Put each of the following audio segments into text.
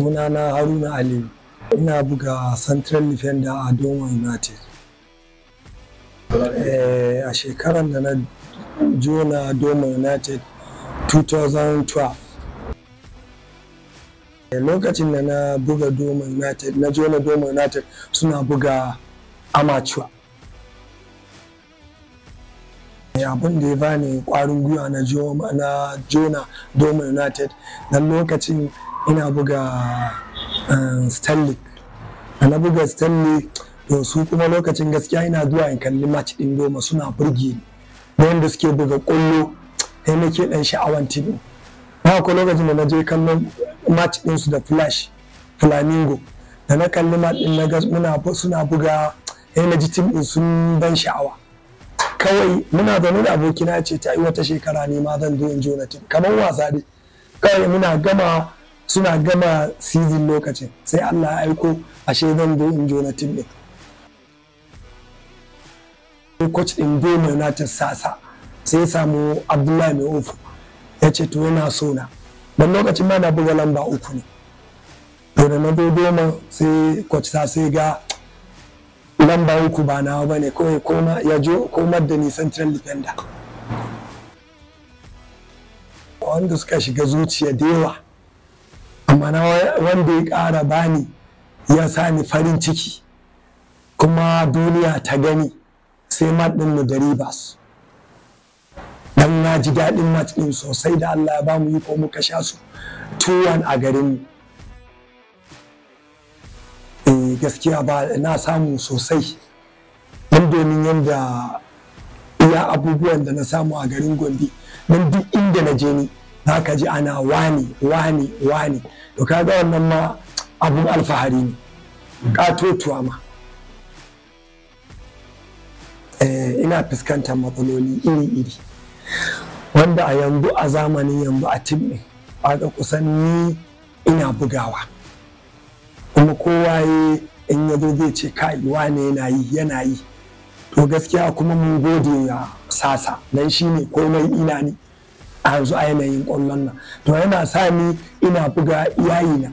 Suna na haruna aliyu ina buga central defender a Doma united eh, a shekarar da na jona Doma united 2012 eh, lokacin da na buga Doma united na jona Doma united suna buga amateur eh, abin da ya bani kwarin gwiwa na jona Doma united na lokacin ina buga eh, stanley na buga stanley to su kuma lokacin gaskiya ina zuwa in kalli match din goma suna burge ni da yadda suke buga kullo sai nake dan sha'awan tv na akwai lokacin da na je kallon match din su da flash flamingo da na kalli match din na muna suna buga sai na ji tim din sun ban sha'awa kawai muna zaune da abokina ce ta yi wata shekara ne ma zan zo in ji wani kamar wasa dai kawai muna gama suna gama season lokacin sai Allah ya aiko ashe zan zo in jona tim din coach din goma na ta sasa sai samu Abdullahi mai ofu ya ce to yana so na dan lokacin ma na buga lamba uku ne to da na goma sai coach ta sai ga lamba uku ba nawa bane kawai koma ya jo koma da ni central defender wanda suka shiga zuciya da yawa ma'ana wanda ya ƙara bani ya sa ni farin ciki kuma duniya ta gani sai maɗin mu da ribas dan na ji daɗin mat ɗin sosai da Allah ya ba mu yi ko muka sha su tuwon a garin mu eh, gaskiya ba na samu sosai don domin yadda iya abubuwan da na samu a garin gombe don duk inda na je ni za ka ji ana wani wani wani to ga wannan ma abin alfahari ne katotuwa ma eh, ina fuskantar matsaloli iri-iri wanda a yanzu a zamanin yanzu a tim ba ga kusan ni ina bugawa kuma kowa ya in ya zo zai ce kai wane yana yi yana yi to gaskiya kuma mun gode ya sasa dan shine komai ina ne a yanzu a yanayin ƙwallon nan to yana sa ni ina buga iyayina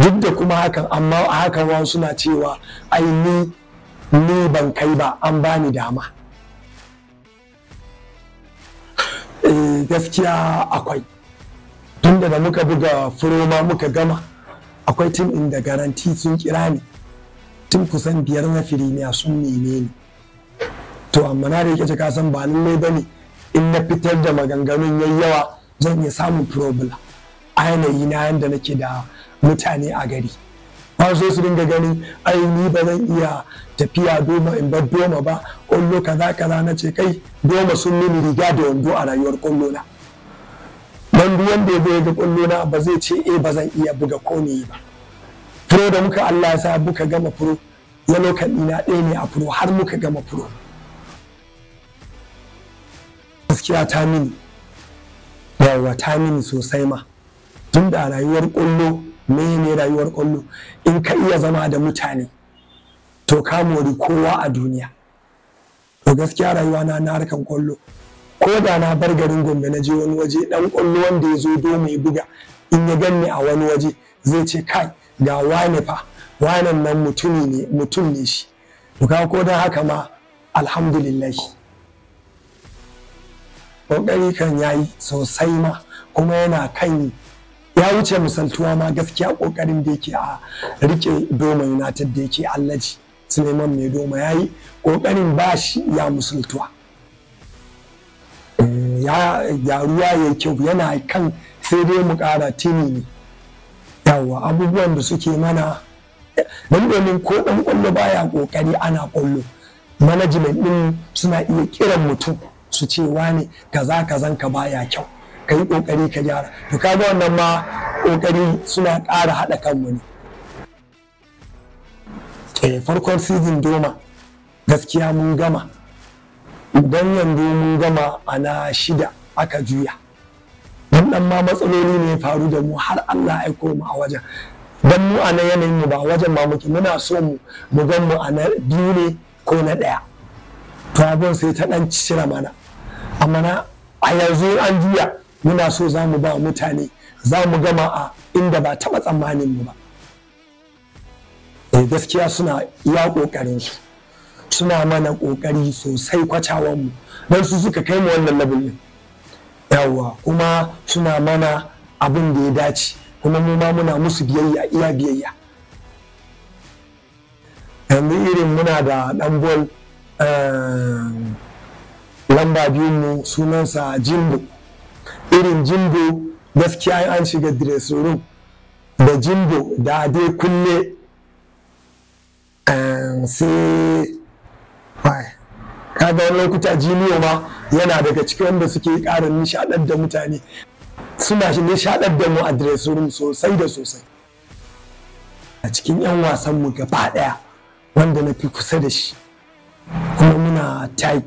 duk da kuma hakan amma a hakan wa suna cewa ai ne ban kai ba an bani dama eh, gaskiya akwai tunda da muka buga furoma muka gama akwai tun inda garanti sun kira ni tun kusan biyar na firimiya sun neme ni to amma na da yake ka san ba lallai ba ne in na fitar da maganganun yayi yawa zan iya samun problem a yanayi na yanda nake da mutane a gari ba su su dinga gani, ai ni ba zan iya tafiya doma in bar doma ba kwallo kaza kaza na ce kai doma sun nuna riga da wando a rayuwar kwallo na don wanda ya zo ga kwallo na ba zai ce eh ba zan iya buga ko ba furo da muka Allah ya sa muka gama furo ya lokaci na ɗaya ne a furo har muka gama furo gaskiya ta mini yawwa ta mini sosai ma tun da rayuwar kwallo me ne rayuwar kwallo in ka iya zama da mutane to ka mori kowa a duniya to gaskiya rayuwa na na harkan ƙwallo ko da na bar garin gombe na je wani waje dan kwallo wanda ya zo do mai buga in ya ganni a wani waje zai ce kai ga wane fa wanan nan mutum ne shi to ka ko da haka ma alhamdulillah kokari kan yayi sosai ma kuma yana kan ya wuce misaltuwa ma gaskiya kokarin da yake a rike doma united da yake allaji suleiman mai doma yayi kokarin ba shi ya musultuwa ya gyaruwa ya kyau yana kan sai dai mu kara tini ne yawa abubuwan da suke mana don domin ko dan kwallo baya kokari ana kwallo management din suna iya kiran mutum su ce wane kaza kazan ka baya kyau ka yi kokari ka gyara to ga wannan ma kokari suna ƙara haɗa kanmu ne eh farkon season doma gaskiya mun gama idan yanzu mun gama ana shida aka juya dan ma matsaloli ne faru da mu har Allah ya aiko mu a wajen dan mu a yanayin mu ba wajen ma muke muna so mu mu gan mu a biyu ne ko na ɗaya to abin sai ta ɗan cire mana Amana a yanzu an juya muna so za mu ba mutane za mu gama a inda ba taɓa tsammanin mu ba da eh, gaskiya suna ya ƙoƙarin su suna mana ƙoƙari sosai kwacawan mu don su suka kai mu wannan level Yawa kuma suna mana abin da ya dace kuma mu ma muna musu biyayya iya biyayya yanzu irin muna da ɗan bol eh, lamba biyun mu sunansa jimbo irin jimbo gaskiya an shiga dressing room da jimbo da ade kulle ehm, sai kaga lokuta jiniyo ma yana daga cikin wanda suke ƙara nishaɗar da mutane suna shi nishaɗar da mu a dressing room sosai da sosai a cikin 'yan wasan mu gaba ɗaya wanda na fi kusa da shi kuma muna tight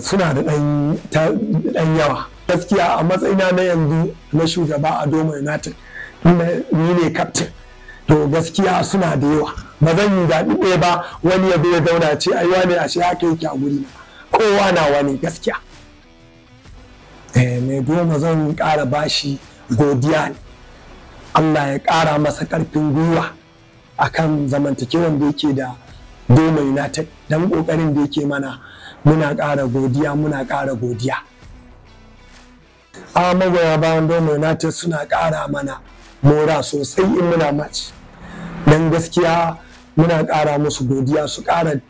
suna da ɗan yawa gaskiya a matsayina na yanzu na shugaba a doma united ni ne captain to gaskiya suna da yawa ba zan yi zaɓi ɗaya ba wani ya zo ya zauna ce ai ne a shi haka yake a guri kowa na wani gaskiya eh, mai goma zan ƙara bashi godiya ne Allah ya ƙara masa ƙarfin gwiwa akan zamantakewan da yake da doma united don ƙoƙarin da yake mana muna ƙara godiya muna ƙara godiya a magoya bayan domin United suna ƙara mana mora sosai in muna match don gaskiya muna ƙara musu godiya su ƙara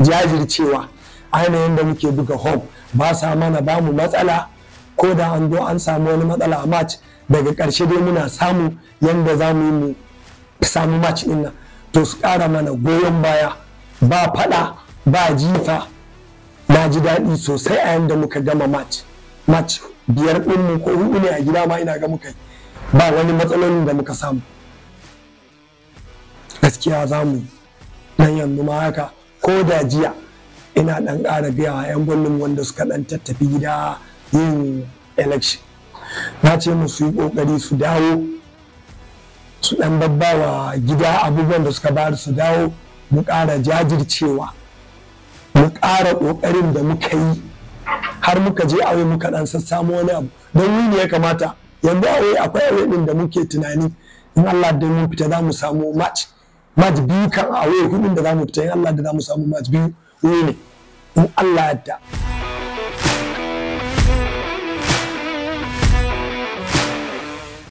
jajircewa ainihin da muke buga home ba sa mana ba mu matsala ko da an zo an samu wani matsala a match daga ƙarshe dai muna samu yadda za mu yi mu samu match ɗin nan to su ƙara mana goyon baya ba faɗa ba jifa na ji daɗi sosai a yanda muka gama match match biyar ɗin mu ko hudu ne a gida ma ina ga muka yi ba wani matsalolin da muka samu gaskiya za mu nan yanzu ma haka ko da jiya ina ɗan ƙara biya wa 'yan gwamnin wanda suka ɗan tattafi gida yin election na ce su yi ƙoƙari su dawo su ɗan babbawa gida abubuwan da suka bayar su dawo mu ƙara jajircewa mu ƙara ƙoƙarin da muka yi har muka je aure muka ɗan sassamo wani abu don wuni ya kamata yanzu aure akwai aure ɗin da muke tunani in Allah da mun fita za mu samu match match biyu kan aure hudun da za mu fita in Allah da za mu samu match biyu wuri ne in Allah ya